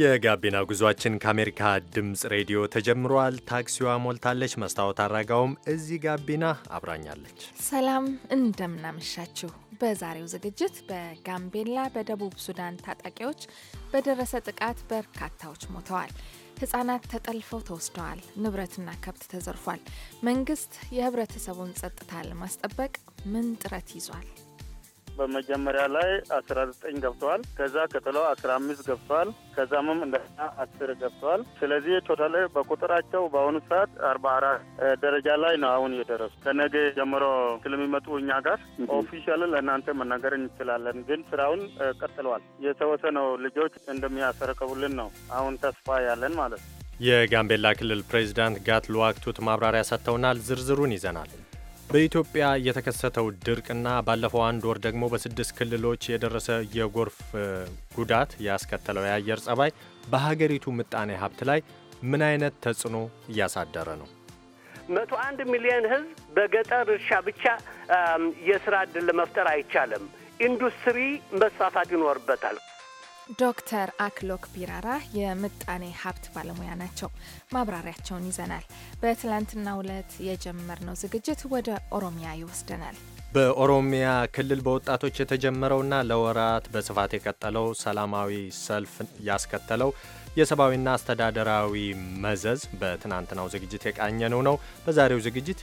የጋቢና ጉዟችን ከአሜሪካ ድምፅ ሬዲዮ ተጀምሯል። ታክሲዋ ሞልታለች። መስታወት አራጋውም እዚህ ጋቢና አብራኛለች። ሰላም እንደምናመሻችሁ። በዛሬው ዝግጅት በጋምቤላ በደቡብ ሱዳን ታጣቂዎች በደረሰ ጥቃት በርካታዎች ሞተዋል። ህጻናት ተጠልፈው ተወስደዋል። ንብረትና ከብት ተዘርፏል። መንግስት የህብረተሰቡን ጸጥታ ለማስጠበቅ ምን ጥረት ይዟል? በመጀመሪያ ላይ አስራ ዘጠኝ ገብተዋል። ከዛ ቀጥሎ አስራ አምስት ገብተዋል። ከዛምም እንደገና አስር ገብተዋል። ስለዚህ ቶታል በቁጥራቸው በአሁኑ ሰዓት አርባ አራት ደረጃ ላይ ነው አሁን የደረሱ። ከነገ ጀምሮ ስለሚመጡ እኛ ጋር ኦፊሻል ለእናንተ መናገር እንችላለን። ግን ስራውን ቀጥለዋል። የተወሰነው ልጆች እንደሚያሰረከቡልን ነው አሁን ተስፋ ያለን ማለት ነው። የጋምቤላ ክልል ፕሬዚዳንት ጋት ሉዋክ ቱት ማብራሪያ ሰጥተውናል። ዝርዝሩን ይዘናል። በኢትዮጵያ የተከሰተው ድርቅና ባለፈው አንድ ወር ደግሞ በስድስት ክልሎች የደረሰ የጎርፍ ጉዳት ያስከተለው የአየር ጸባይ በሀገሪቱ ምጣኔ ሀብት ላይ ምን አይነት ተጽዕኖ እያሳደረ ነው? መቶ አንድ ሚሊዮን ህዝብ በገጠር እርሻ ብቻ የስራ እድል ለመፍጠር አይቻልም። ኢንዱስትሪ መስፋፋት ይኖርበታል። ዶክተር አክሎክ ቢራራ የምጣኔ ሀብት ባለሙያ ናቸው። ማብራሪያቸውን ይዘናል። በትላንትናው ዕለት የጀመርነው ዝግጅት ወደ ኦሮሚያ ይወስደናል። በኦሮሚያ ክልል በወጣቶች የተጀመረውና ለወራት በስፋት የቀጠለው ሰላማዊ ሰልፍ ያስከተለው የሰብአዊና አስተዳደራዊ መዘዝ በትናንትናው ዝግጅት የቃኘነው ነው። በዛሬው ዝግጅት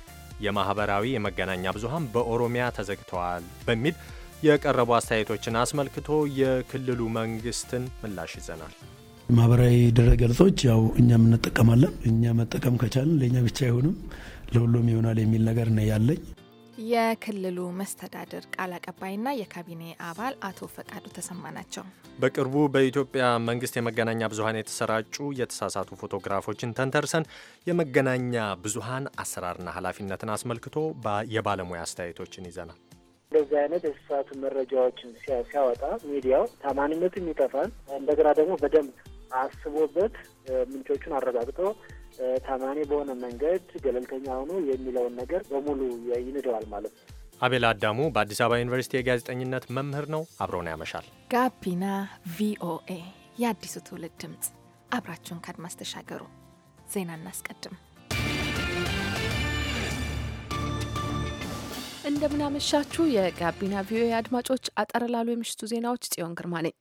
የማህበራዊ የመገናኛ ብዙሃን በኦሮሚያ ተዘግተዋል በሚል የቀረቡ አስተያየቶችን አስመልክቶ የክልሉ መንግስትን ምላሽ ይዘናል። ማህበራዊ ድረገጾች ያው እኛም እንጠቀማለን። እኛ መጠቀም ከቻልን ለእኛ ብቻ አይሆንም ለሁሉም ይሆናል የሚል ነገር ነው ያለኝ። የክልሉ መስተዳድር ቃል አቀባይና የካቢኔ አባል አቶ ፈቃዱ ተሰማ ናቸው። በቅርቡ በኢትዮጵያ መንግስት የመገናኛ ብዙኃን የተሰራጩ የተሳሳቱ ፎቶግራፎችን ተንተርሰን የመገናኛ ብዙኃን አሰራርና ኃላፊነትን አስመልክቶ የባለሙያ አስተያየቶችን ይዘናል። እንደዚህ አይነት የስሳቱ መረጃዎችን ሲያወጣ ሚዲያው ታማኒነቱም ይጠፋል። እንደገና ደግሞ በደንብ አስቦበት ምንጮቹን አረጋግጦ ታማኒ በሆነ መንገድ ገለልተኛ ሆኖ የሚለውን ነገር በሙሉ ይንደዋል ማለት ነው። አቤል አዳሙ በአዲስ አበባ ዩኒቨርሲቲ የጋዜጠኝነት መምህር ነው። አብሮን ያመሻል። ጋቢና ቪኦኤ የአዲሱ ትውልድ ድምፅ፣ አብራችሁን ከአድማስ ተሻገሩ። ዜና እናስቀድም። እንደምናመሻችሁ የጋቢና ቪኦኤ አድማጮች፣ አጠር ላሉ የምሽቱ ዜናዎች ጽዮን ግርማ ነኝ።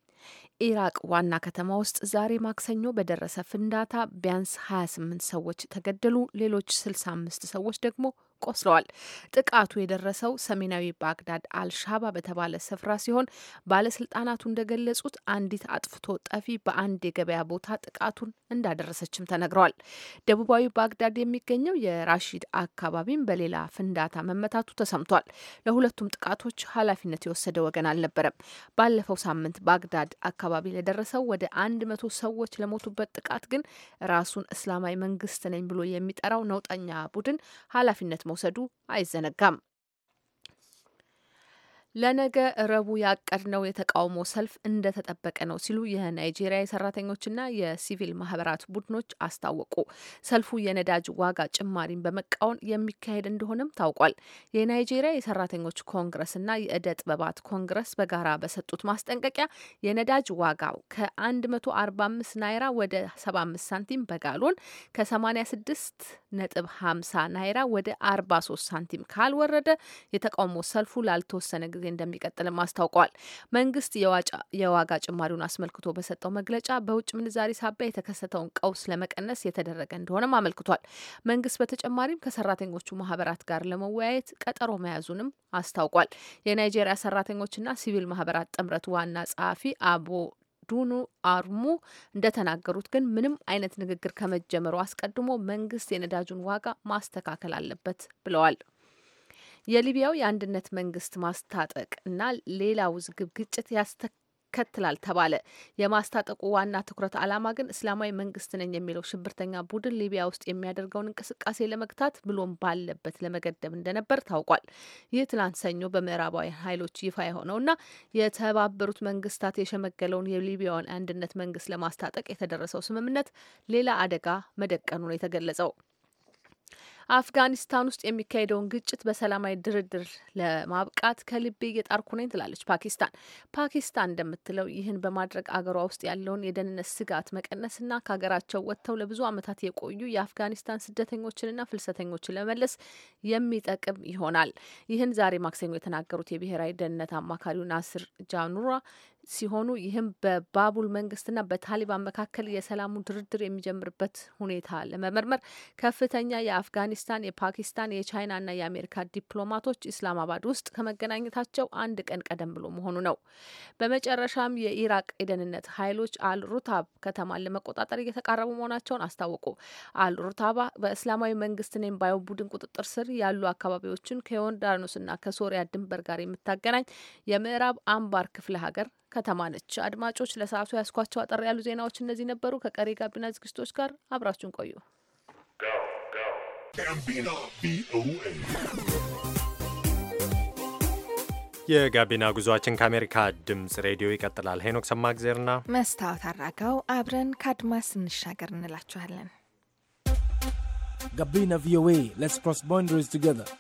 ኢራቅ ዋና ከተማ ውስጥ ዛሬ ማክሰኞ በደረሰ ፍንዳታ ቢያንስ 28 ሰዎች ተገደሉ፣ ሌሎች 65 ሰዎች ደግሞ ቆስለዋል። ጥቃቱ የደረሰው ሰሜናዊ ባግዳድ አልሻባ በተባለ ስፍራ ሲሆን ባለስልጣናቱ እንደገለጹት አንዲት አጥፍቶ ጠፊ በአንድ የገበያ ቦታ ጥቃቱን እንዳደረሰችም ተነግረዋል። ደቡባዊ ባግዳድ የሚገኘው የራሺድ አካባቢም በሌላ ፍንዳታ መመታቱ ተሰምቷል። ለሁለቱም ጥቃቶች ኃላፊነት የወሰደ ወገን አልነበረም። ባለፈው ሳምንት ባግዳድ አካባቢ ለደረሰው ወደ አንድ መቶ ሰዎች ለሞቱበት ጥቃት ግን ራሱን እስላማዊ መንግስት ነኝ ብሎ የሚጠራው ነውጠኛ ቡድን ኃላፊነት መውሰዱ አይዘነጋም። ለነገ ረቡ ያቀድነው የተቃውሞ ሰልፍ እንደተጠበቀ ነው ሲሉ የናይጄሪያ የሰራተኞችና የሲቪል ማህበራት ቡድኖች አስታወቁ። ሰልፉ የነዳጅ ዋጋ ጭማሪን በመቃወም የሚካሄድ እንደሆነም ታውቋል። የናይጄሪያ የሰራተኞች ኮንግረስና የእደ ጥበባት ኮንግረስ በጋራ በሰጡት ማስጠንቀቂያ የነዳጅ ዋጋው ከ145 ናይራ ወደ 75 ሳንቲም በጋሎን ከ86 ነጥብ 50 ናይራ ወደ 43 ሳንቲም ካልወረደ የተቃውሞ ሰልፉ ላልተወሰነ ጊዜ ጊዜ እንደሚቀጥልም አስታውቀዋል። መንግስት የዋጋ ጭማሪውን አስመልክቶ በሰጠው መግለጫ በውጭ ምንዛሪ ሳቢያ የተከሰተውን ቀውስ ለመቀነስ የተደረገ እንደሆነም አመልክቷል። መንግስት በተጨማሪም ከሰራተኞቹ ማህበራት ጋር ለመወያየት ቀጠሮ መያዙንም አስታውቋል። የናይጄሪያ ሰራተኞችና ሲቪል ማህበራት ጥምረት ዋና ጸሐፊ አቦ ዱኑ አርሙ እንደተናገሩት ግን ምንም አይነት ንግግር ከመጀመሩ አስቀድሞ መንግስት የነዳጁን ዋጋ ማስተካከል አለበት ብለዋል። የሊቢያው የአንድነት መንግስት ማስታጠቅ እና ሌላ ውዝግብ ግጭት ከትላል ተባለ። የማስታጠቁ ዋና ትኩረት ዓላማ ግን እስላማዊ መንግስት ነኝ የሚለው ሽብርተኛ ቡድን ሊቢያ ውስጥ የሚያደርገውን እንቅስቃሴ ለመግታት ብሎም ባለበት ለመገደብ እንደነበር ታውቋል። ይህ ትናንት ሰኞ በምዕራባዊ ኃይሎች ይፋ የሆነውና የተባበሩት መንግስታት የሸመገለውን የሊቢያውን አንድነት መንግስት ለማስታጠቅ የተደረሰው ስምምነት ሌላ አደጋ መደቀኑ ነው የተገለጸው። አፍጋኒስታን ውስጥ የሚካሄደውን ግጭት በሰላማዊ ድርድር ለማብቃት ከልቤ እየጣርኩ ነኝ ትላለች ፓኪስታን። ፓኪስታን እንደምትለው ይህን በማድረግ አገሯ ውስጥ ያለውን የደህንነት ስጋት መቀነስና ከሀገራቸው ወጥተው ለብዙ ዓመታት የቆዩ የአፍጋኒስታን ስደተኞችንና ፍልሰተኞችን ለመመለስ የሚጠቅም ይሆናል። ይህን ዛሬ ማክሰኞ የተናገሩት የብሔራዊ ደህንነት አማካሪው ናስር ጃኑራ ሲሆኑ ይህም በባቡል መንግስትና በታሊባን መካከል የሰላሙ ድርድር የሚጀምርበት ሁኔታ ለመመርመር ከፍተኛ የአፍጋኒስታን፣ የፓኪስታን፣ የቻይናና የአሜሪካ ዲፕሎማቶች ኢስላማባድ ውስጥ ከመገናኘታቸው አንድ ቀን ቀደም ብሎ መሆኑ ነው። በመጨረሻም የኢራቅ የደህንነት ኃይሎች አል ከተማን ለመቆጣጠር እየተቃረቡ መሆናቸውን አስታወቁ። አልሩታባ በእስላማዊ መንግስት ነኝ ባዩ ቡድን ቁጥጥር ስር ያሉ አካባቢዎችን ከዮርዳኖስና ከሶሪያ ድንበር ጋር የምታገናኝ የምዕራብ አምባር ክፍለ ሀገር ከተማ ነች። አድማጮች ለሰዓቱ ያስኳቸው አጠር ያሉ ዜናዎች እነዚህ ነበሩ። ከቀሪ ጋቢና ዝግጅቶች ጋር አብራችሁን ቆዩ። የጋቢና ጉዞአችን ከአሜሪካ ድምፅ ሬዲዮ ይቀጥላል። ሄኖክ ሰማግዜርና መስታወት አራጋው አብረን ከአድማስ እንሻገር እንላችኋለን። ጋቢና ቪኦኤ ሌትስ ክሮስ ባውንደሪስ ቱጌዘር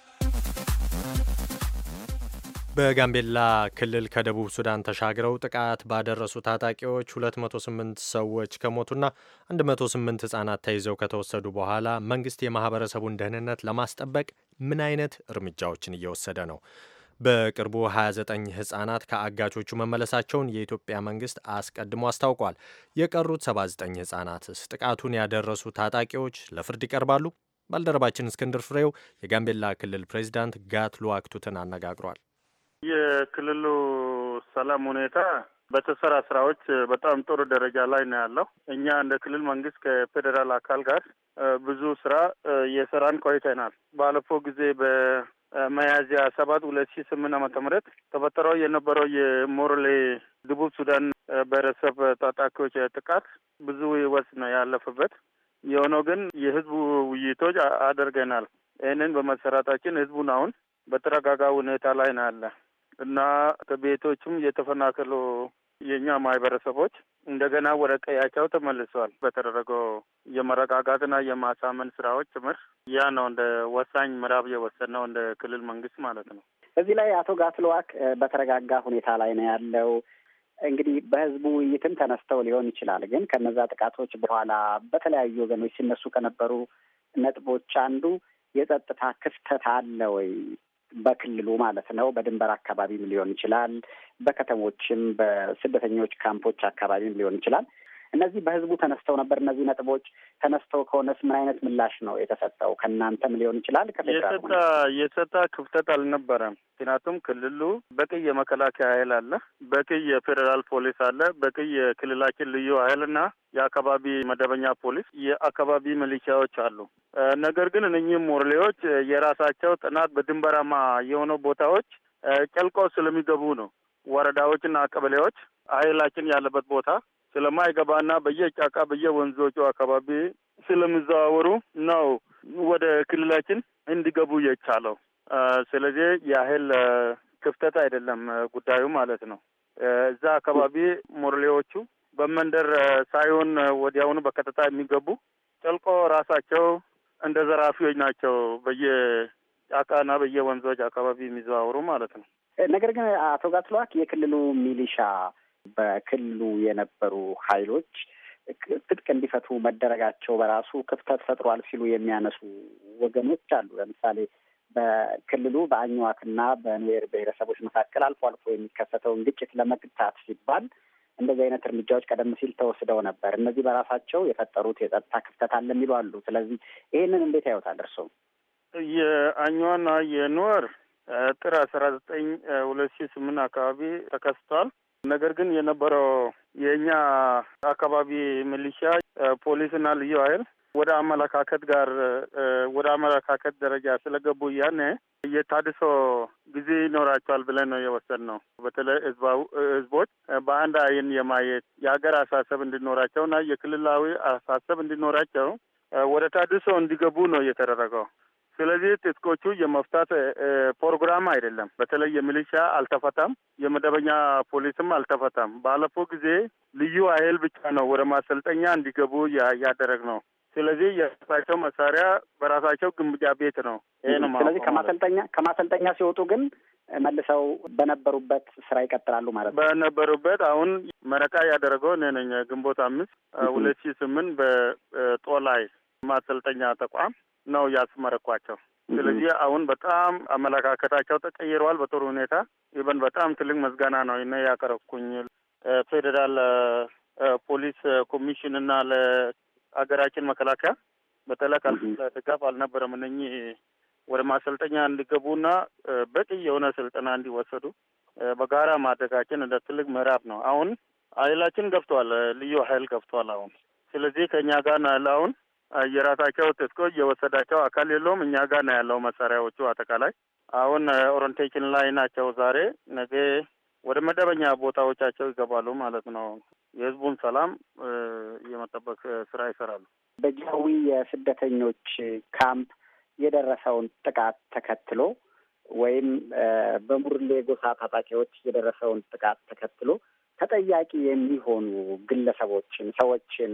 በጋምቤላ ክልል ከደቡብ ሱዳን ተሻግረው ጥቃት ባደረሱ ታጣቂዎች 208 ሰዎች ከሞቱና 108 ሕጻናት ተይዘው ከተወሰዱ በኋላ መንግስት የማህበረሰቡን ደህንነት ለማስጠበቅ ምን አይነት እርምጃዎችን እየወሰደ ነው? በቅርቡ 29 ህጻናት ከአጋቾቹ መመለሳቸውን የኢትዮጵያ መንግስት አስቀድሞ አስታውቋል። የቀሩት 79 ህጻናትስ ጥቃቱን ያደረሱ ታጣቂዎች ለፍርድ ይቀርባሉ? ባልደረባችን እስክንድር ፍሬው የጋምቤላ ክልል ፕሬዚዳንት ጋት ሉዋክቱትን አነጋግሯል። የክልሉ ሰላም ሁኔታ በተሰራ ስራዎች በጣም ጥሩ ደረጃ ላይ ነው ያለው። እኛ እንደ ክልል መንግስት ከፌዴራል አካል ጋር ብዙ ስራ የስራን ቆይተናል። ባለፈው ጊዜ በመያዝያ ሰባት ሁለት ሺ ስምንት ዓመተ ምህረት ተፈጠረው የነበረው የሞርሌ ደቡብ ሱዳን ብሔረሰብ ታጣቂዎች ጥቃት ብዙ ህይወት ነው ያለፈበት። የሆነው ግን የህዝቡ ውይይቶች አድርገናል። ይህንን በመሰራታችን ህዝቡን አሁን በተረጋጋ ሁኔታ ላይ ነው ያለ። እና ከቤቶቹም የተፈናቀሉ የእኛ ማህበረሰቦች እንደገና ወደ ቀያቸው ተመልሰዋል። በተደረገው የመረጋጋትና የማሳመን ስራዎች ጭምር ያ ነው እንደ ወሳኝ ምዕራብ የወሰነው እንደ ክልል መንግስት ማለት ነው። እዚህ ላይ አቶ ጋትልዋክ በተረጋጋ ሁኔታ ላይ ነው ያለው። እንግዲህ በህዝቡ ውይይትም ተነስተው ሊሆን ይችላል። ግን ከነዛ ጥቃቶች በኋላ በተለያዩ ወገኖች ሲነሱ ከነበሩ ነጥቦች አንዱ የጸጥታ ክፍተት አለ ወይ? በክልሉ ማለት ነው። በድንበር አካባቢም ሊሆን ይችላል። በከተሞችም በስደተኞች ካምፖች አካባቢም ሊሆን ይችላል። እነዚህ በህዝቡ ተነስተው ነበር። እነዚህ ነጥቦች ተነስተው ከሆነስ ምን አይነት ምላሽ ነው የተሰጠው? ከእናንተም ሊሆን ይችላል። ከፌዴራል የሰጣ ክፍተት አልነበረም። ምክንያቱም ክልሉ በቂ የመከላከያ ኃይል አለ፣ በቂ የፌዴራል ፖሊስ አለ፣ በቂ የክልላችን ልዩ ኃይልና የአካባቢ መደበኛ ፖሊስ፣ የአካባቢ ሚሊሻዎች አሉ። ነገር ግን እነኚህም ሞርሌዎች የራሳቸው ጥናት በድንበራማ የሆኑ ቦታዎች ጨልቆ ስለሚገቡ ነው ወረዳዎችና ቀበሌዎች ኃይላችን ያለበት ቦታ ስለማይገባና በየጫካ በየወንዞቹ አካባቢ ስለሚዘዋወሩ ነው ወደ ክልላችን እንዲገቡ የቻለው። ስለዚህ ያህል ክፍተት አይደለም ጉዳዩ ማለት ነው። እዛ አካባቢ ሞርሌዎቹ በመንደር ሳይሆን ወዲያውኑ በቀጥታ የሚገቡ ጨልቆ ራሳቸው እንደ ዘራፊዎች ናቸው። በየጫካና በየወንዞች አካባቢ የሚዘዋወሩ ማለት ነው። ነገር ግን አቶ ጋትሏክ የክልሉ ሚሊሻ በክልሉ የነበሩ ኃይሎች ትጥቅ እንዲፈቱ መደረጋቸው በራሱ ክፍተት ፈጥሯል ሲሉ የሚያነሱ ወገኖች አሉ። ለምሳሌ በክልሉ በአኝዋክና በኑዌር ብሔረሰቦች መካከል አልፎ አልፎ የሚከሰተውን ግጭት ለመግታት ሲባል እንደዚህ አይነት እርምጃዎች ቀደም ሲል ተወስደው ነበር። እነዚህ በራሳቸው የፈጠሩት የጸጥታ ክፍተት አለ የሚሉ አሉ። ስለዚህ ይህንን እንዴት ያዩታል እርሶ የአኝዋና የኑዌር ጥር አስራ ዘጠኝ ሁለት ሺ ስምንት አካባቢ ተከስቷል። ነገር ግን የነበረው የእኛ አካባቢ ሚሊሻ ፖሊስና ልዩ ኃይል ወደ አመለካከት ጋር ወደ አመለካከት ደረጃ ስለገቡ እያኔ የታድሶ ጊዜ ይኖራቸዋል ብለን ነው ነው። በተለይ ህዝቦች በአንድ አይን የማየት የሀገር አሳሰብ እንዲኖራቸውና የክልላዊ አሳሰብ እንዲኖራቸው ወደ ታድሶ እንዲገቡ ነው እየተደረገው። ስለዚህ ትጥቆቹ የመፍታት ፕሮግራም አይደለም። በተለይ የሚሊሻ አልተፈታም፣ የመደበኛ ፖሊስም አልተፈታም። ባለፈው ጊዜ ልዩ ኃይል ብቻ ነው ወደ ማሰልጠኛ እንዲገቡ ያደረግ ነው። ስለዚህ የራሳቸው መሳሪያ በራሳቸው ግምጃ ቤት ነው። ይሄ ነው። ስለዚህ ከማሰልጠኛ ከማሰልጠኛ ሲወጡ ግን መልሰው በነበሩበት ስራ ይቀጥላሉ ማለት ነው። በነበሩበት አሁን መረቃ ያደረገው እኔ ነኝ። ግንቦት አምስት ሁለት ሺህ ስምንት በጦላይ ማሰልጠኛ ተቋም ነው ያስመረኳቸው። ስለዚህ አሁን በጣም አመለካከታቸው ተቀይረዋል በጥሩ ሁኔታ። ይበን በጣም ትልቅ መዝጋና ነው ይነ ያቀረብኩኝ ፌዴራል ፖሊስ ኮሚሽን እና ለሀገራችን መከላከያ በተለይ ድጋፍ አልነበረም። እነኚህ ወደ ማሰልጠኛ እንዲገቡና በቂ የሆነ ስልጠና እንዲወሰዱ በጋራ ማድረጋችን እንደ ትልቅ ምዕራፍ ነው። አሁን ኃይላችን ገብተዋል፣ ልዩ ኃይል ገብተዋል አሁን ስለዚህ ከእኛ ጋር ነው ያለ አሁን የራሳቸው ቴስኮ እየወሰዳቸው አካል የለውም። እኛ ጋር ነው ያለው መሳሪያዎቹ። አጠቃላይ አሁን ኦሪንቴሽን ላይ ናቸው። ዛሬ ነገ ወደ መደበኛ ቦታዎቻቸው ይገባሉ ማለት ነው። የህዝቡን ሰላም የመጠበቅ ስራ ይሰራሉ። በጃዊ የስደተኞች ካምፕ የደረሰውን ጥቃት ተከትሎ ወይም በሙርሌ ጎሳ ታጣቂዎች የደረሰውን ጥቃት ተከትሎ ተጠያቂ የሚሆኑ ግለሰቦችን፣ ሰዎችን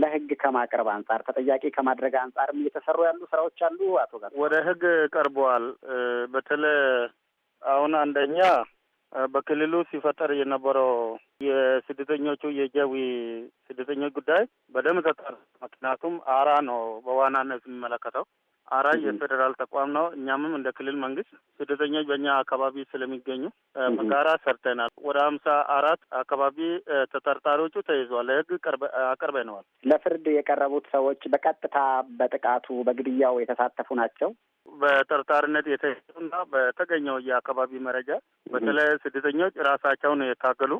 ለህግ ከማቅረብ አንጻር ተጠያቂ ከማድረግ አንጻርም እየተሰሩ ያሉ ስራዎች አሉ። አቶ ጋር ወደ ህግ ቀርበዋል። በተለይ አሁን አንደኛ በክልሉ ሲፈጠር የነበረው የስደተኞቹ የጀዊ ስደተኞች ጉዳይ በደንብ ምክንያቱም አራ ነው በዋናነት የሚመለከተው አራይ የፌዴራል ተቋም ነው። እኛምም እንደ ክልል መንግስት ስደተኞች በእኛ አካባቢ ስለሚገኙ በጋራ ሰርተናል። ወደ ሀምሳ አራት አካባቢ ተጠርጣሪዎቹ ተይዟል፣ ለህግ አቅርበነዋል። ለፍርድ የቀረቡት ሰዎች በቀጥታ በጥቃቱ በግድያው የተሳተፉ ናቸው። በጠርጣሪነት የተያዙና በተገኘው የአካባቢ መረጃ በተለይ ስደተኞች ራሳቸው ነው የታገሉ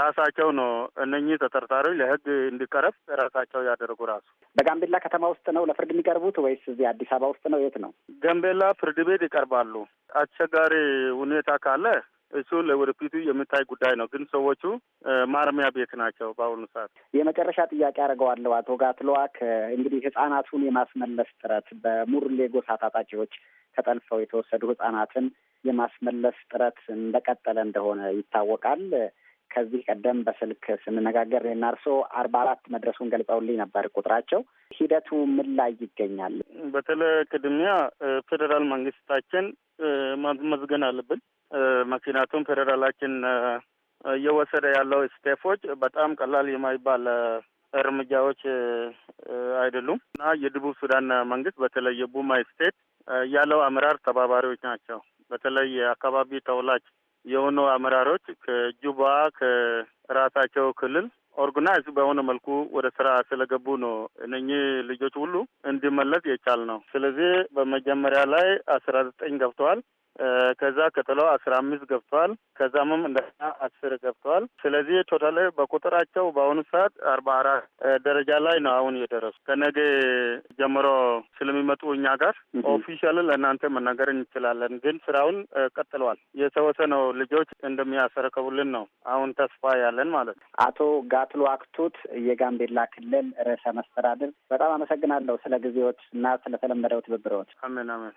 ራሳቸው ነው እነኚህ ተጠርጣሪዎች ለህግ እንዲቀረብ ራሳቸው ያደረጉ። ራሱ በጋምቤላ ከተማ ውስጥ ነው ለፍርድ የሚቀርቡት ወይስ እዚህ አዲስ አበባ ውስጥ ነው? የት ነው? ጋምቤላ ፍርድ ቤት ይቀርባሉ። አስቸጋሪ ሁኔታ ካለ እሱ ለወደፊቱ የሚታይ ጉዳይ ነው። ግን ሰዎቹ ማረሚያ ቤት ናቸው በአሁኑ ሰዓት። የመጨረሻ ጥያቄ አድርገዋለሁ አቶ ጋትለዋክ እንግዲህ ህጻናቱን የማስመለስ ጥረት በሙርሌ ጎሳ ታጣቂዎች ተጠልፈው የተወሰዱ ህጻናትን የማስመለስ ጥረት እንደቀጠለ እንደሆነ ይታወቃል። ከዚህ ቀደም በስልክ ስንነጋገር እኔና እርሶ አርባ አራት መድረሱን ገልጸውልኝ ነበር ቁጥራቸው። ሂደቱ ምን ላይ ይገኛል? በተለይ ቅድሚያ ፌዴራል መንግስታችን ማመስገን አለብን። ምክንያቱም ፌዴራላችን እየወሰደ ያለው ስቴፎች በጣም ቀላል የማይባል እርምጃዎች አይደሉም እና የደቡብ ሱዳን መንግስት በተለይ የቡማ ስቴት ያለው አመራር ተባባሪዎች ናቸው። በተለይ የአካባቢ ተውላጅ የሆኑ አመራሮች ከጁባ ከራሳቸው ክልል ኦርጋናይዝ በሆነ መልኩ ወደ ስራ ስለገቡ ነው እነኚህ ልጆች ሁሉ እንዲመለስ የቻል ነው። ስለዚህ በመጀመሪያ ላይ አስራ ዘጠኝ ገብተዋል። ከዛ ቀጥሎ አስራ አምስት ገብተዋል። ከዛምም እንደገና አስር ገብተዋል። ስለዚህ ቶታል በቁጥራቸው በአሁኑ ሰዓት አርባ አራት ደረጃ ላይ ነው አሁን የደረሱ። ከነገ ጀምሮ ስለሚመጡ እኛ ጋር ኦፊሻል ለእናንተ መናገር እንችላለን። ግን ስራውን ቀጥለዋል። የተወሰነው ልጆች እንደሚያስረከቡልን ነው አሁን ተስፋ ያለን ማለት ነው። አቶ ጋትሎ አክቱት የጋምቤላ ክልል ርዕሰ መስተዳድር፣ በጣም አመሰግናለሁ ስለ ጊዜዎች እና ስለተለመደው ትብብሮች። አሜን አሜን።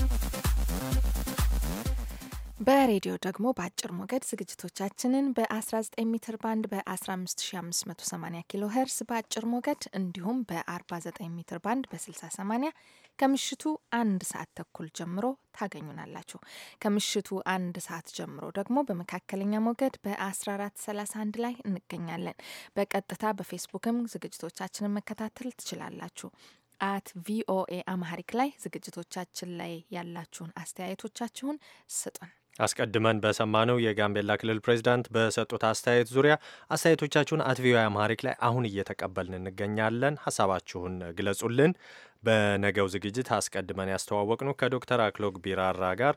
በሬዲዮ ደግሞ በአጭር ሞገድ ዝግጅቶቻችንን በ19 ሜትር ባንድ በ15580 ኪሎ ሄርስ በአጭር ሞገድ እንዲሁም በ49 ሜትር ባንድ በ6080 ከምሽቱ አንድ ሰዓት ተኩል ጀምሮ ታገኙናላችሁ። ከምሽቱ አንድ ሰዓት ጀምሮ ደግሞ በመካከለኛ ሞገድ በ1431 ላይ እንገኛለን። በቀጥታ በፌስቡክም ዝግጅቶቻችንን መከታተል ትችላላችሁ። አት ቪኦኤ አማሪክ ላይ ዝግጅቶቻችን ላይ ያላችሁን አስተያየቶቻችሁን ስጡን። አስቀድመን በሰማነው የጋምቤላ ክልል ፕሬዚዳንት በሰጡት አስተያየት ዙሪያ አስተያየቶቻችሁን አትቪዮ ቪኦኤ አማሪክ ላይ አሁን እየተቀበልን እንገኛለን። ሀሳባችሁን ግለጹልን። በነገው ዝግጅት አስቀድመን ነው ከዶክተር አክሎግ ቢራራ ጋር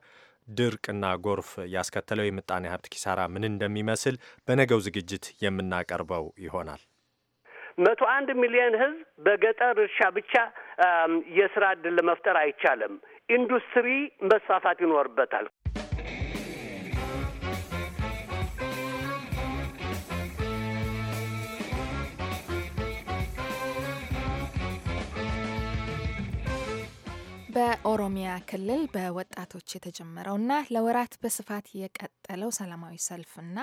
ድርቅና ጎርፍ ያስከተለው የምጣኔ ሀብት ኪሳራ ምን እንደሚመስል በነገው ዝግጅት የምናቀርበው ይሆናል። መቶ አንድ ሚሊዮን ህዝብ በገጠር እርሻ ብቻ የስራ እድል ለመፍጠር አይቻልም። ኢንዱስትሪ መስፋፋት ይኖርበታል። በኦሮሚያ ክልል በወጣቶች የተጀመረውና ለወራት በስፋት የቀጠለው ሰላማዊ ሰልፍና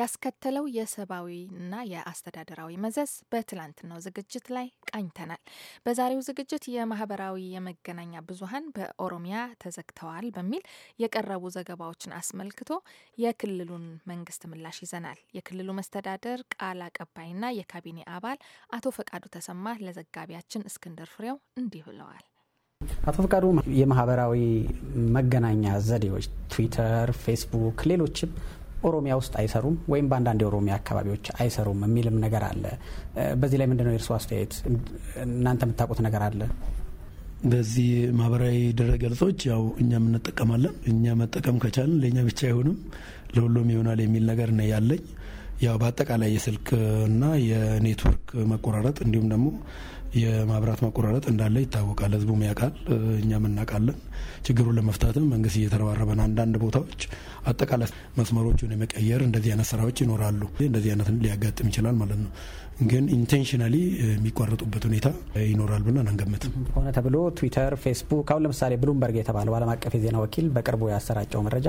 ያስከተለው የሰብአዊና የአስተዳደራዊ መዘዝ በትላንትናው ዝግጅት ላይ ቃኝተናል። በዛሬው ዝግጅት የማህበራዊ የመገናኛ ብዙሀን በኦሮሚያ ተዘግተዋል በሚል የቀረቡ ዘገባዎችን አስመልክቶ የክልሉን መንግስት ምላሽ ይዘናል። የክልሉ መስተዳደር ቃል አቀባይና የካቢኔ አባል አቶ ፈቃዱ ተሰማ ለዘጋቢያችን እስክንድር ፍሬው እንዲህ ብለዋል። አቶ ፍቃዱ የማህበራዊ መገናኛ ዘዴዎች ትዊተር፣ ፌስቡክ፣ ሌሎችም ኦሮሚያ ውስጥ አይሰሩም ወይም በአንዳንድ የኦሮሚያ አካባቢዎች አይሰሩም የሚልም ነገር አለ። በዚህ ላይ ምንድነው የእርስዎ አስተያየት? እናንተ የምታውቁት ነገር አለ? በዚህ ማህበራዊ ድረገጾች ያው እኛም እንጠቀማለን። እኛ መጠቀም ከቻልን ለእኛ ብቻ አይሆንም ለሁሉም ይሆናል የሚል ነገር ነው ያለኝ። ያው በአጠቃላይ የስልክና የኔትወርክ መቆራረጥ እንዲሁም ደግሞ የማብራት መቆራረጥ እንዳለ ይታወቃል። ህዝቡም ያውቃል፣ እኛም እናውቃለን። ችግሩን ለመፍታትም መንግስት እየተረባረበን፣ አንዳንድ ቦታዎች አጠቃላይ መስመሮቹን የመቀየር እንደዚህ አይነት ስራዎች ይኖራሉ። እንደዚህ አይነት ሊያጋጥም ይችላል ማለት ነው። ግን ኢንቴንሽናሊ eh, የሚቋረጡበት ሁኔታ eh, ይኖራል ብለን አንገምትም። ሆነ ተብሎ ትዊተር፣ ፌስቡክ አሁን ለምሳሌ ብሉምበርግ የተባለው ዓለም አቀፍ የዜና ወኪል በቅርቡ ያሰራጨው መረጃ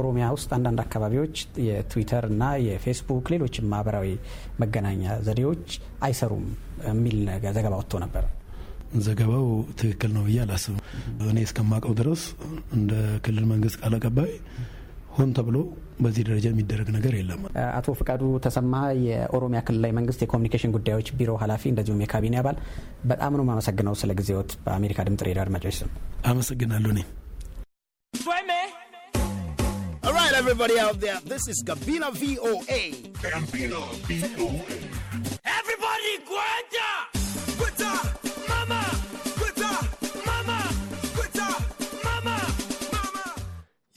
ኦሮሚያ ውስጥ አንዳንድ አካባቢዎች የትዊተር እና የፌስቡክ ሌሎችም ማህበራዊ መገናኛ ዘዴዎች አይሰሩም የሚል ዘገባ ወጥቶ ነበር። ዘገባው ትክክል ነው ብዬ አላስብም። እኔ እስከማውቀው ድረስ እንደ ክልል መንግስት ቃል አቀባይ ሆን ተብሎ በዚህ ደረጃ የሚደረግ ነገር የለም። አቶ ፍቃዱ ተሰማ የኦሮሚያ ክልላዊ መንግስት የኮሚኒኬሽን ጉዳዮች ቢሮ ኃላፊ እንደዚሁም የካቢኔ አባል በጣም ነው የማመሰግነው ስለ ጊዜዎት በአሜሪካ ድምጽ ሬዲዮ አድማጮች ስም አመሰግናለሁ። እኔ everybody out there, this is Gabina VOA. Gabina VOA.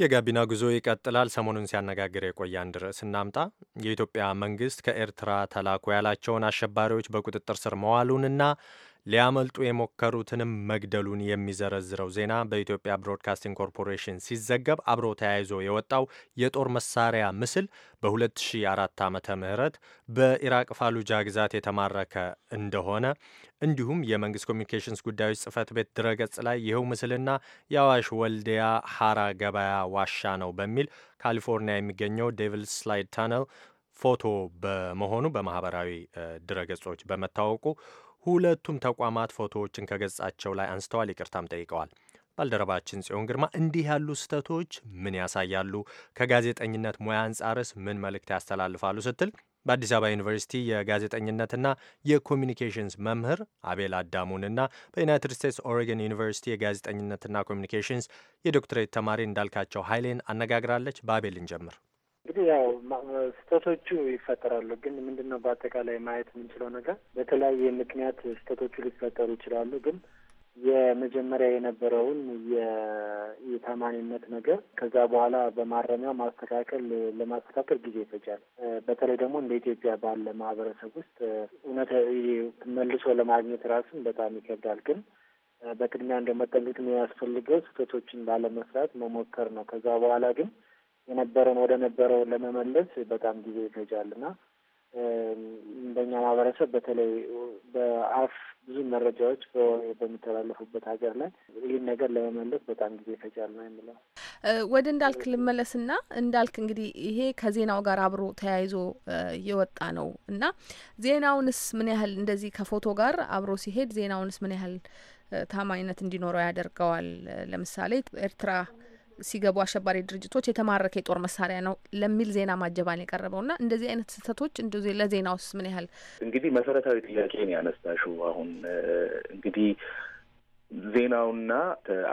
የጋቢና ጉዞ ይቀጥላል። ሰሞኑን ሲያነጋግር የቆየ አንድ ርዕስ እናምጣ። የኢትዮጵያ መንግስት ከኤርትራ ተላኩ ያላቸውን አሸባሪዎች በቁጥጥር ስር መዋሉንና ሊያመልጡ የሞከሩትንም መግደሉን የሚዘረዝረው ዜና በኢትዮጵያ ብሮድካስቲንግ ኮርፖሬሽን ሲዘገብ አብሮ ተያይዞ የወጣው የጦር መሳሪያ ምስል በ2004 ዓ ምህረት በኢራቅ ፋሉጃ ግዛት የተማረከ እንደሆነ እንዲሁም የመንግስት ኮሚኒኬሽንስ ጉዳዮች ጽህፈት ቤት ድረገጽ ላይ ይኸው ምስልና የአዋሽ ወልዲያ ሐራ ገበያ ዋሻ ነው በሚል ካሊፎርኒያ የሚገኘው ዴቪል ስላይድ ታነል ፎቶ በመሆኑ በማህበራዊ ድረገጾች በመታወቁ ሁለቱም ተቋማት ፎቶዎችን ከገጻቸው ላይ አንስተዋል፣ ይቅርታም ጠይቀዋል። ባልደረባችን ጽዮን ግርማ እንዲህ ያሉ ስህተቶች ምን ያሳያሉ? ከጋዜጠኝነት ሙያ አንጻርስ ምን መልእክት ያስተላልፋሉ? ስትል በአዲስ አበባ ዩኒቨርሲቲ የጋዜጠኝነትና የኮሚኒኬሽንስ መምህር አቤል አዳሙንና በዩናይትድ ስቴትስ ኦሬገን ዩኒቨርሲቲ የጋዜጠኝነትና ኮሚኒኬሽንስ የዶክትሬት ተማሪ እንዳልካቸው ኃይሌን አነጋግራለች። በአቤል እንጀምር። እንግዲህ ያው ስህተቶቹ ይፈጠራሉ። ግን ምንድን ነው በአጠቃላይ ማየት የምንችለው ነገር በተለያየ ምክንያት ስህተቶቹ ሊፈጠሩ ይችላሉ። ግን የመጀመሪያ የነበረውን የታማኝነት ነገር ከዛ በኋላ በማረሚያ ማስተካከል ለማስተካከል ጊዜ ይፈጃል። በተለይ ደግሞ እንደ ኢትዮጵያ ባለ ማህበረሰብ ውስጥ እውነት መልሶ ለማግኘት ራስን በጣም ይከብዳል። ግን በቅድሚያ እንደመጠንቀቅ የሚያስፈልገው ስህተቶችን ባለመስራት መሞከር ነው። ከዛ በኋላ ግን የነበረውን ወደ ነበረው ለመመለስ በጣም ጊዜ ይፈጃል እና እንደኛ ማህበረሰብ በተለይ በአፍ ብዙ መረጃዎች በሚተላለፉበት ሀገር ላይ ይህን ነገር ለመመለስ በጣም ጊዜ ይፈጃል ነው የሚለው። ወደ እንዳልክ ልመለስና እንዳልክ እንግዲህ ይሄ ከዜናው ጋር አብሮ ተያይዞ የወጣ ነው እና ዜናውንስ ምን ያህል እንደዚህ ከፎቶ ጋር አብሮ ሲሄድ ዜናውንስ ምን ያህል ታማኝነት እንዲኖረው ያደርገዋል? ለምሳሌ ኤርትራ ሲገቡ አሸባሪ ድርጅቶች የተማረከ የጦር መሳሪያ ነው ለሚል ዜና ማጀባን የቀረበው እና እንደዚህ አይነት ስህተቶች እንደ ውስጥ ምን ያህል እንግዲህ መሰረታዊ ጥያቄ ነው ያነሳሽው። አሁን እንግዲህ ዜናውና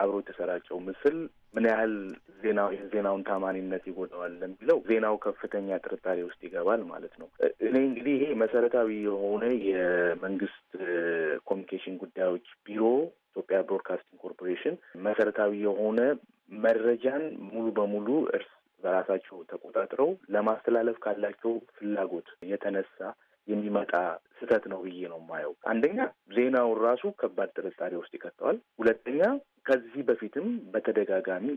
አብሮ የተሰራጨው ምስል ምን ያህል ዜናው የዜናውን ታማኒነት ይጎዳዋል ለሚለው ዜናው ከፍተኛ ጥርጣሬ ውስጥ ይገባል ማለት ነው። እኔ እንግዲህ ይሄ መሰረታዊ የሆነ የመንግስት ኮሚኒኬሽን ጉዳዮች ቢሮ ኢትዮጵያ ብሮድካስቲንግ ኮርፖሬሽን መሰረታዊ የሆነ መረጃን ሙሉ በሙሉ እርስ በራሳቸው ተቆጣጥረው ለማስተላለፍ ካላቸው ፍላጎት የተነሳ የሚመጣ ስህተት ነው ብዬ ነው የማየው። አንደኛ ዜናውን ራሱ ከባድ ጥርጣሬ ውስጥ ይከተዋል። ሁለተኛ ከዚህ በፊትም በተደጋጋሚ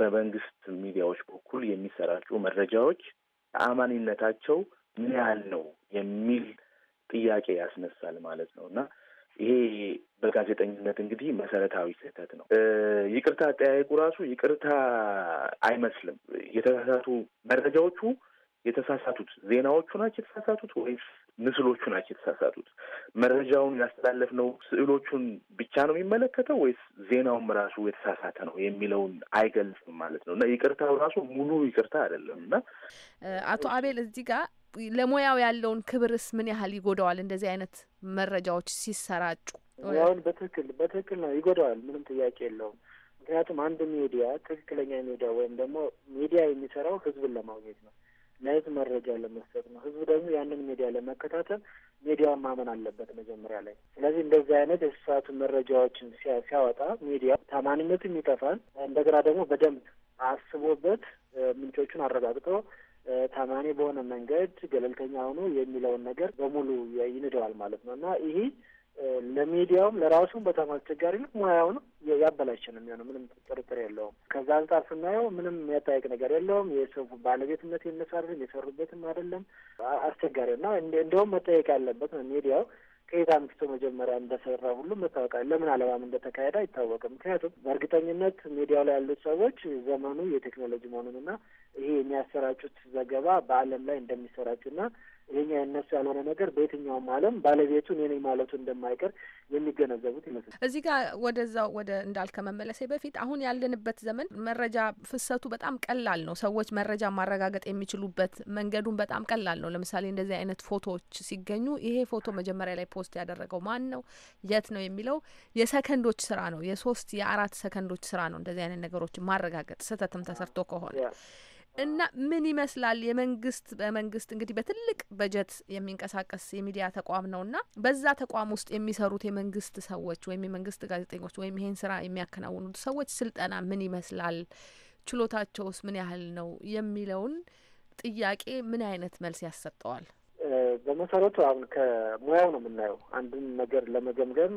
በመንግስት ሚዲያዎች በኩል የሚሰራጩ መረጃዎች ተአማኒነታቸው ምን ያህል ነው የሚል ጥያቄ ያስነሳል ማለት ነው እና ይሄ በጋዜጠኝነት እንግዲህ መሰረታዊ ስህተት ነው። ይቅርታ አጠያየቁ ራሱ ይቅርታ አይመስልም። የተሳሳቱ መረጃዎቹ የተሳሳቱት ዜናዎቹ ናቸው የተሳሳቱት ወይስ ምስሎቹ ናቸው የተሳሳቱት? መረጃውን ያስተላለፍነው ስዕሎቹን ብቻ ነው የሚመለከተው ወይስ ዜናውም ራሱ የተሳሳተ ነው የሚለውን አይገልጽም ማለት ነው እና ይቅርታው ራሱ ሙሉ ይቅርታ አይደለም እና አቶ አቤል እዚህ ጋር ለሙያው ያለውን ክብርስ ምን ያህል ይጎዳዋል? እንደዚህ አይነት መረጃዎች ሲሰራጩ ያሁን በትክክል በትክክል ነው ይጎዳዋል። ምንም ጥያቄ የለውም። ምክንያቱም አንድ ሚዲያ ትክክለኛ ሚዲያ ወይም ደግሞ ሚዲያ የሚሰራው ህዝብን ለማግኘት ነው፣ ለህዝብ መረጃ ለመስጠት ነው። ህዝቡ ደግሞ ያንን ሚዲያ ለመከታተል ሚዲያውን ማመን አለበት መጀመሪያ ላይ። ስለዚህ እንደዚህ አይነት የእንስሳቱ መረጃዎችን ሲያወጣ ሚዲያ ታማኝነቱም ይጠፋል። እንደገና ደግሞ በደንብ አስቦበት ምንጮቹን አረጋግጠው ታማኒ በሆነ መንገድ ገለልተኛ ሆኖ የሚለውን ነገር በሙሉ ይንደዋል ማለት ነው እና ይሄ ለሚዲያውም ለራሱም በጣም አስቸጋሪ ነው። ሙያውንም ያበላሸ ነው የሚሆነው። ምንም ጥርጥር የለውም። ከዛ አንጻር ስናየው ምንም የሚያጠያይቅ ነገር የለውም። የሰው ባለቤትነት የነሱ አይደለም፣ የሰሩበትም አይደለም። አስቸጋሪ እና እንደውም መጠየቅ ያለበት ነው ሚዲያው ከየት አምጥቶ መጀመሪያ እንደሰራ ሁሉ መታወቃል። ለምን አለማም እንደተካሄደ አይታወቅም። ምክንያቱም በእርግጠኝነት ሚዲያው ላይ ያሉት ሰዎች ዘመኑ የቴክኖሎጂ መሆኑንና ይሄ የሚያሰራጩት ዘገባ በዓለም ላይ እንደሚሰራጩና ይሄኛ የነሱ ያልሆነ ነገር በየትኛውም ዓለም ባለቤቱ እኔ ነኝ ማለቱ እንደማይቀር የሚገነዘቡት ይመስላል። እዚህ ጋር ወደዛው ወደ እንዳልከ መመለሴ በፊት አሁን ያለንበት ዘመን መረጃ ፍሰቱ በጣም ቀላል ነው። ሰዎች መረጃ ማረጋገጥ የሚችሉበት መንገዱን በጣም ቀላል ነው። ለምሳሌ እንደዚህ አይነት ፎቶዎች ሲገኙ ይሄ ፎቶ መጀመሪያ ላይ ፖስት ያደረገው ማን ነው፣ የት ነው የሚለው የሰከንዶች ስራ ነው። የሶስት የአራት ሰከንዶች ስራ ነው እንደዚህ አይነት ነገሮች ማረጋገጥ ስህተትም ተሰርቶ ከሆነ እና ምን ይመስላል የመንግስት በመንግስት እንግዲህ በትልቅ በጀት የሚንቀሳቀስ የሚዲያ ተቋም ነው ና በዛ ተቋም ውስጥ የሚሰሩት የመንግስት ሰዎች ወይም የመንግስት ጋዜጠኞች ወይም ይሄን ስራ የሚያከናውኑት ሰዎች ስልጠና ምን ይመስላል፣ ችሎታቸውስ ምን ያህል ነው የሚለውን ጥያቄ ምን አይነት መልስ ያሰጠዋል? በመሰረቱ አሁን ከሙያው ነው የምናየው። አንድን ነገር ለመገምገም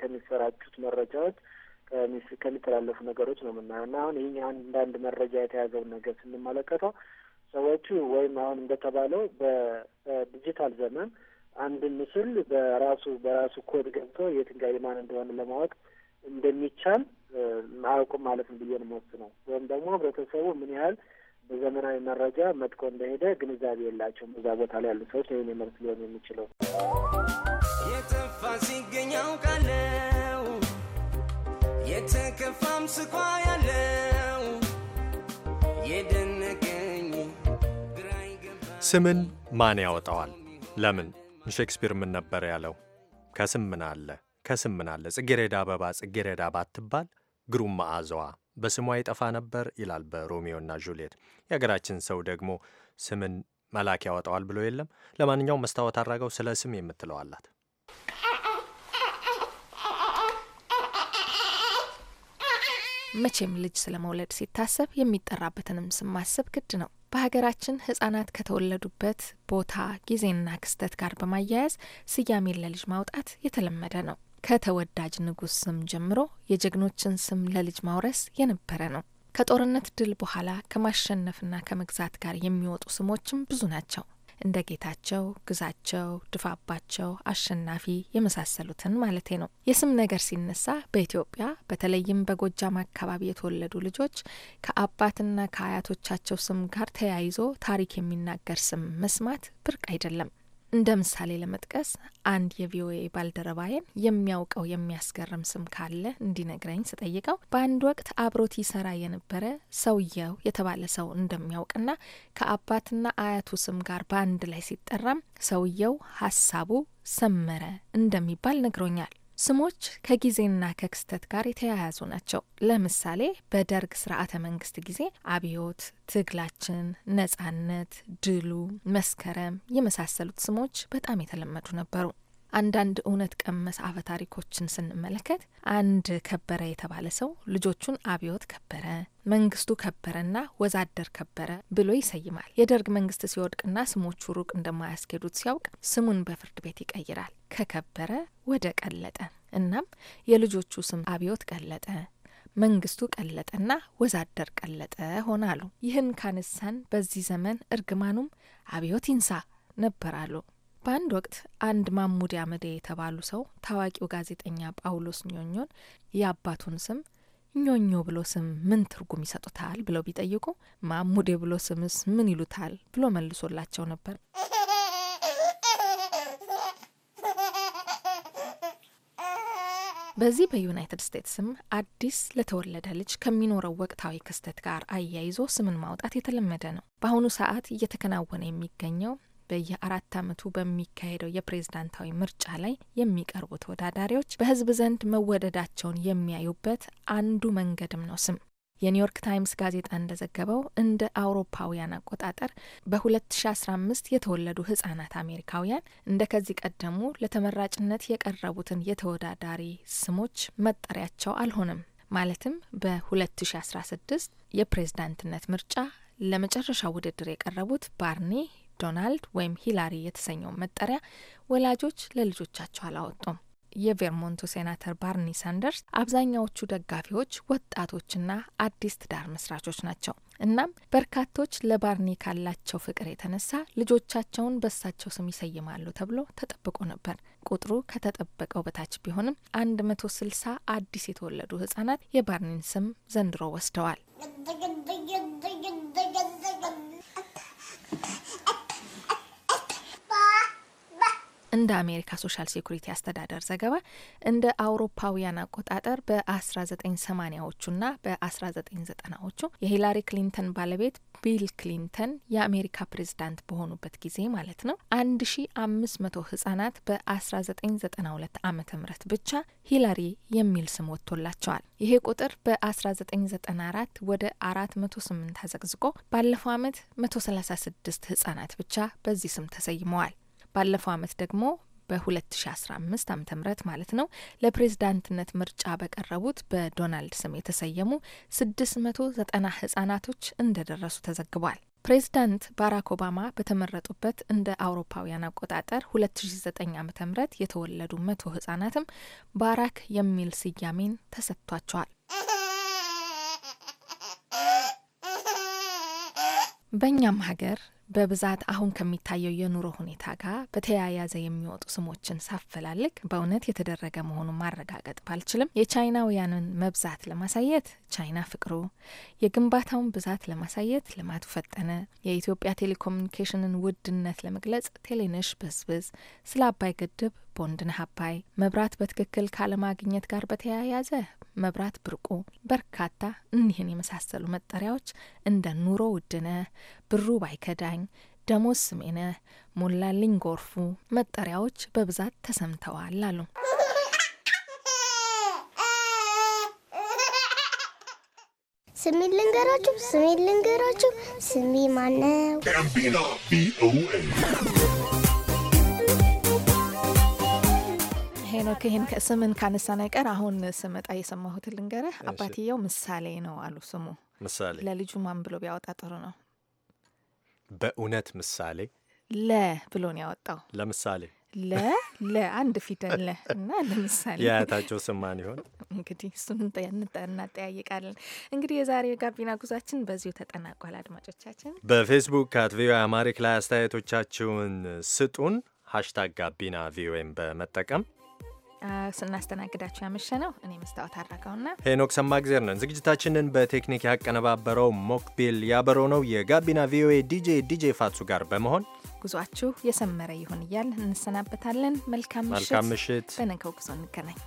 ከሚሰራጩት መረጃዎች ከሚተላለፉ ነገሮች ነው የምናየው እና አሁን ይህ አንዳንድ መረጃ የተያዘውን ነገር ስንመለከተው ሰዎቹ ወይም አሁን እንደተባለው በዲጂታል ዘመን አንድ ምስል በራሱ በራሱ ኮድ ገብቶ የትንጋይ ማን እንደሆነ ለማወቅ እንደሚቻል አያውቁም ማለት ነው ብዬ ነው የምወስነው። ወይም ደግሞ ህብረተሰቡ ምን ያህል በዘመናዊ መረጃ መጥቆ እንደሄደ ግንዛቤ የላቸውም። እዛ ቦታ ላይ ያሉ ሰዎች ይህን የመርስ ሊሆን የሚችለው የጠፋ ሲገኝ አውቃለሁ የተከፋም ስኳ ያለው የደነቀኝ ስምን ማን ያወጣዋል? ለምን ሼክስፒር ምን ነበር ያለው? ከስም ምን አለ ከስም ምን አለ ጽጌረዳ አበባ ጽጌረዳ ባትባል ግሩም መዓዛዋ በስሟ ይጠፋ ነበር ይላል በሮሚዮና ጁልየት። የሀገራችን ሰው ደግሞ ስምን መላክ ያወጣዋል ብሎ የለም። ለማንኛውም መስታወት አድራገው ስለ ስም የምትለው አላት። መቼም ልጅ ስለ መውለድ ሲታሰብ የሚጠራበትንም ስም ማሰብ ግድ ነው። በሀገራችን ህጻናት ከተወለዱበት ቦታ ጊዜና ክስተት ጋር በማያያዝ ስያሜን ለልጅ ማውጣት የተለመደ ነው። ከተወዳጅ ንጉሥ ስም ጀምሮ የጀግኖችን ስም ለልጅ ማውረስ የነበረ ነው። ከጦርነት ድል በኋላ ከማሸነፍና ከመግዛት ጋር የሚወጡ ስሞችም ብዙ ናቸው። እንደ ጌታቸው፣ ግዛቸው፣ ድፋባቸው፣ አሸናፊ የመሳሰሉትን ማለቴ ነው። የስም ነገር ሲነሳ በኢትዮጵያ በተለይም በጎጃም አካባቢ የተወለዱ ልጆች ከአባትና ከአያቶቻቸው ስም ጋር ተያይዞ ታሪክ የሚናገር ስም መስማት ብርቅ አይደለም። እንደ ምሳሌ ለመጥቀስ አንድ የቪኦኤ ባልደረባዬን የሚያውቀው የሚያስገርም ስም ካለ እንዲነግረኝ ስጠይቀው በአንድ ወቅት አብሮት ይሰራ የነበረ ሰውየው የተባለ ሰው እንደሚያውቅና ከአባትና አያቱ ስም ጋር በአንድ ላይ ሲጠራም ሰውየው ሀሳቡ ሰመረ እንደሚባል ነግሮኛል። ስሞች ከጊዜና ከክስተት ጋር የተያያዙ ናቸው። ለምሳሌ በደርግ ስርዓተ መንግስት ጊዜ አብዮት፣ ትግላችን፣ ነጻነት፣ ድሉ፣ መስከረም የመሳሰሉት ስሞች በጣም የተለመዱ ነበሩ። አንዳንድ እውነት ቀመስ አፈ ታሪኮችን ስንመለከት አንድ ከበረ የተባለ ሰው ልጆቹን አብዮት ከበረ፣ መንግስቱ ከበረና ወዛደር ከበረ ብሎ ይሰይማል። የደርግ መንግስት ሲወድቅና ስሞቹ ሩቅ እንደማያስኬዱት ሲያውቅ ስሙን በፍርድ ቤት ይቀይራል። ከከበረ ወደ ቀለጠ። እናም የልጆቹ ስም አብዮት ቀለጠ መንግስቱ ቀለጠና ወዛደር ቀለጠ ሆናሉ አሉ። ይህን ካነሳን በዚህ ዘመን እርግማኑም አብዮት ይንሳ ነበር አሉ። በአንድ ወቅት አንድ ማሙድ አመዴ የተባሉ ሰው ታዋቂው ጋዜጠኛ ጳውሎስ ኞኞን የአባቱን ስም ኞኞ ብሎ ስም ምን ትርጉም ይሰጡታል ብለው ቢጠይቁ ማሙዴ ብሎ ስምስ ምን ይሉታል ብሎ መልሶላቸው ነበር። በዚህ በዩናይትድ ስቴትስም አዲስ ለተወለደ ልጅ ከሚኖረው ወቅታዊ ክስተት ጋር አያይዞ ስምን ማውጣት የተለመደ ነው። በአሁኑ ሰዓት እየተከናወነ የሚገኘው በየአራት ዓመቱ በሚካሄደው የፕሬዝዳንታዊ ምርጫ ላይ የሚቀርቡ ተወዳዳሪዎች በህዝብ ዘንድ መወደዳቸውን የሚያዩበት አንዱ መንገድም ነው ስም። የኒውዮርክ ታይምስ ጋዜጣ እንደዘገበው እንደ አውሮፓውያን አቆጣጠር በ2015 የተወለዱ ህጻናት አሜሪካውያን እንደ ከዚህ ቀደሙ ለተመራጭነት የቀረቡትን የተወዳዳሪ ስሞች መጠሪያቸው አልሆነም። ማለትም በ2016 የፕሬዝዳንትነት ምርጫ ለመጨረሻ ውድድር የቀረቡት ባርኒ ዶናልድ ወይም ሂላሪ የተሰኘውን መጠሪያ ወላጆች ለልጆቻቸው አላወጡም። የቬርሞንቱ ሴናተር ባርኒ ሳንደርስ አብዛኛዎቹ ደጋፊዎች ወጣቶችና አዲስ ትዳር መስራቾች ናቸው። እናም በርካቶች ለባርኒ ካላቸው ፍቅር የተነሳ ልጆቻቸውን በሳቸው ስም ይሰይማሉ ተብሎ ተጠብቆ ነበር። ቁጥሩ ከተጠበቀው በታች ቢሆንም 1መቶ ስልሳ አዲስ የተወለዱ ህጻናት የባርኒን ስም ዘንድሮ ወስደዋል። እንደ አሜሪካ ሶሻል ሴኩሪቲ አስተዳደር ዘገባ እንደ አውሮፓውያን አቆጣጠር በ1980ዎቹና በ1990ዎቹ የሂላሪ ክሊንተን ባለቤት ቢል ክሊንተን የአሜሪካ ፕሬዝዳንት በሆኑበት ጊዜ ማለት ነው 1500 ህጻናት በ1992 ዓ ም ብቻ ሂላሪ የሚል ስም ወጥቶላቸዋል። ይሄ ቁጥር በ1994 ወደ 408 አዘቅዝቆ ባለፈው ዓመት 136 ህጻናት ብቻ በዚህ ስም ተሰይመዋል። ባለፈው አመት ደግሞ በ2015 ዓ ም ማለት ነው ለፕሬዝዳንትነት ምርጫ በቀረቡት በዶናልድ ስም የተሰየሙ 690 ህጻናቶች እንደደረሱ ተዘግቧል። ፕሬዝዳንት ባራክ ኦባማ በተመረጡበት እንደ አውሮፓውያን አቆጣጠር 2009 ዓ ም የተወለዱ መቶ ህጻናትም ባራክ የሚል ስያሜን ተሰጥቷቸዋል። በእኛም ሀገር በብዛት አሁን ከሚታየው የኑሮ ሁኔታ ጋር በተያያዘ የሚወጡ ስሞችን ሳፈላልግ በእውነት የተደረገ መሆኑን ማረጋገጥ ባልችልም የቻይናውያንን መብዛት ለማሳየት ቻይና ፍቅሩ፣ የግንባታውን ብዛት ለማሳየት ልማቱ ፈጠነ፣ የኢትዮጵያ ቴሌኮሙኒኬሽንን ውድነት ለመግለጽ ቴሌነሽ ብዝብዝ፣ ስለ አባይ ግድብ ቦንድነህ አባይ፣ መብራት በትክክል ካለማግኘት ጋር በተያያዘ መብራት ብርቁ በርካታ እኒህን የመሳሰሉ መጠሪያዎች እንደ ኑሮ ውድነ ብሩ ባይከዳኝ፣ ደሞዝ ስሜነ ሞላልኝ ጎርፉ መጠሪያዎች በብዛት ተሰምተዋል አሉ። ስሜ ልንገራችሁ፣ ስሜ ልንገራችሁ፣ ስሜ ማነው? ሄኖክ ይህን ስምን ካነሳን አይቀር አሁን ስመጣ የሰማሁት ልንገርህ። አባትየው ምሳሌ ነው አሉ ስሙ። ምሳሌ ለልጁ ማን ብሎ ቢያወጣ ጥሩ ነው? በእውነት ምሳሌ ለ ብሎ ነው ያወጣው። ለምሳሌ ለ አንድ ፊደል ለ እና ለምሳሌ የአያታቸው ስም ማን ይሆን እንግዲህ እሱን እናጠያይቃለን። እንግዲህ የዛሬ ጋቢና ጉዟችን በዚሁ ተጠናቋል። አድማጮቻችን በፌስቡክ ካት ቪኦኤ አማሪክ ላይ አስተያየቶቻችሁን ስጡን። ሀሽታግ ጋቢና ቪኦኤም በመጠቀም ስናስተናግዳችሁ ያመሸ ነው። እኔ መስታወት አድረገውና ሄኖክ ሰማግዜር ነን። ዝግጅታችንን በቴክኒክ ያቀነባበረው ሞክቢል ያበረው ነው። የጋቢና ቪኦኤ ዲጄ ዲጄ ፋቱ ጋር በመሆን ጉዟችሁ የሰመረ ይሁን እያል እንሰናበታለን። መልካም ምሽት። በነገው ጉዞ እንገናኝ።